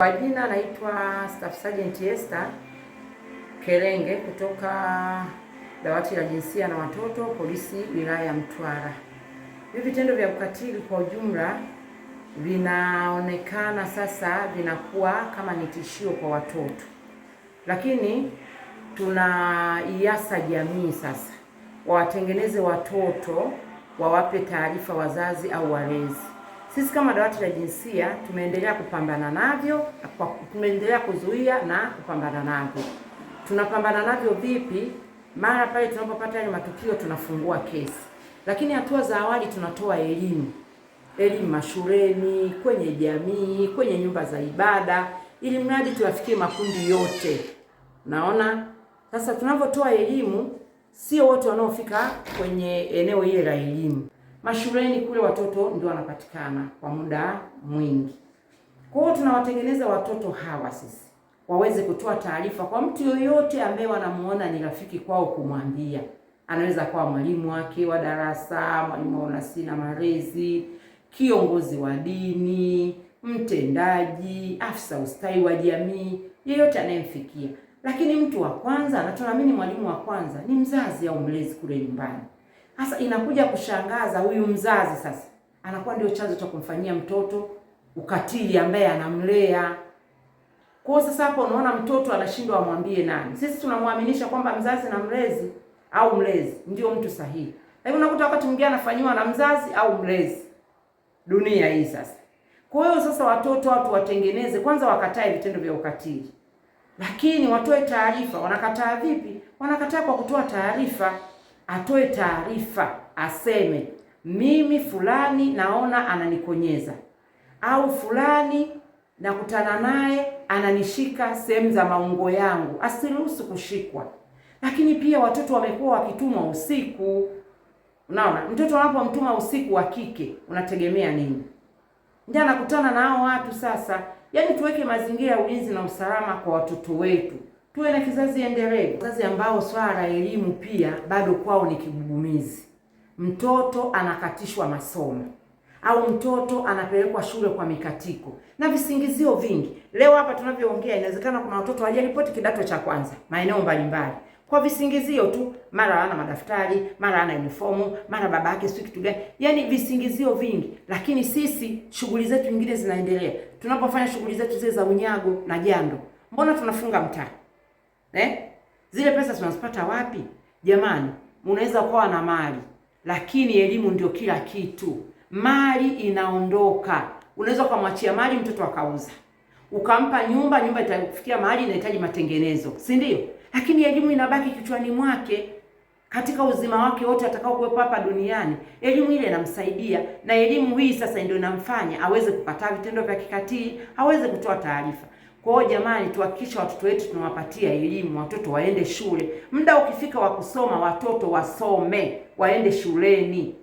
Kwa jina naitwa Staff Sergeant Esther Kerenge kutoka dawati la jinsia na watoto polisi wilaya ya Mtwara. Hivi vitendo vya ukatili kwa ujumla vinaonekana sasa vinakuwa kama ni tishio kwa watoto, lakini tunaiasa jamii sasa wawatengeneze watoto, wawape taarifa wazazi au walezi. Sisi kama dawati la jinsia tumeendelea kupambana navyo, tumeendelea kuzuia na kupambana navyo. Tunapambana navyo vipi? Mara pale tunapopata yale matukio tunafungua kesi, lakini hatua za awali tunatoa elimu, elimu mashuleni, kwenye jamii, kwenye nyumba za ibada, ili mradi tuwafikie makundi yote. Naona sasa tunavyotoa elimu, sio wote wanaofika kwenye eneo ile la elimu. Mashuleni kule watoto ndio wanapatikana kwa muda mwingi. Kwa hiyo tunawatengeneza watoto hawa sisi waweze kutoa taarifa kwa mtu yoyote ambaye wanamuona ni rafiki kwao, kumwambia. Anaweza kuwa mwalimu wake wa darasa, mwalimu wa unasi na malezi, kiongozi wa dini, mtendaji, afisa ustawi wa jamii, yeyote anayemfikia. Lakini mtu wa kwanza, na tunaamini mwalimu wa kwanza ni mzazi au mlezi kule nyumbani. Sasa inakuja kushangaza, huyu mzazi sasa anakuwa ndio chanzo cha kumfanyia mtoto ukatili ambaye anamlea. Kwa hiyo sasa hapo unaona mtoto anashindwa amwambie nani. Sisi tunamwaminisha kwamba mzazi na mlezi au mlezi ndio mtu sahihi, lakini unakuta wakati mwingine anafanyiwa na mzazi au mlezi. Dunia hii sasa. Kwa hiyo sasa watoto watu watengeneze kwanza, wakatae vitendo vya ukatili, lakini watoe taarifa. Wanakataa vipi? Wanakataa kwa kutoa taarifa atoe taarifa, aseme mimi fulani naona ananikonyeza, au fulani nakutana naye ananishika sehemu za maungo yangu. Asiruhusu kushikwa. Lakini pia watoto wamekuwa wakitumwa usiku. Unaona, mtoto anapomtuma usiku wa kike unategemea nini? Ndio anakutana na hao watu sasa. Yaani tuweke mazingira ya ulinzi na usalama kwa watoto wetu tuwe na kizazi endelevu, kizazi ambao swala la elimu pia bado kwao ni kigugumizi. Mtoto anakatishwa masomo au mtoto anapelekwa shule kwa mikatiko na visingizio vingi. Leo hapa tunavyoongea, inawezekana kuna watoto hawajaripoti kidato cha kwanza maeneo mbalimbali kwa visingizio tu, mara ana madaftari, mara ana uniformu, mara baba yake sio kitu gani, yaani visingizio vingi. Lakini sisi shughuli zetu nyingine zinaendelea. Tunapofanya shughuli zetu zile za unyago na jando, mbona tunafunga mtaa? eh? Zile pesa tunazipata wapi jamani? Unaweza kuwa na mali lakini elimu ndio kila kitu. Mali inaondoka. Unaweza ukamwachia mali mtoto akauza, ukampa nyumba, nyumba itafikia mahali inahitaji matengenezo, si ndio? Lakini elimu inabaki kichwani mwake katika uzima wake wote atakao kuwepo hapa duniani. Elimu ile inamsaidia, na elimu hii sasa ndio inamfanya aweze kukataa vitendo vya kikatili, aweze kutoa taarifa. Kwa hiyo jamani, tuhakikishe watoto wetu tunawapatia elimu, watoto waende shule. Muda ukifika wa kusoma, watoto wasome, waende shuleni.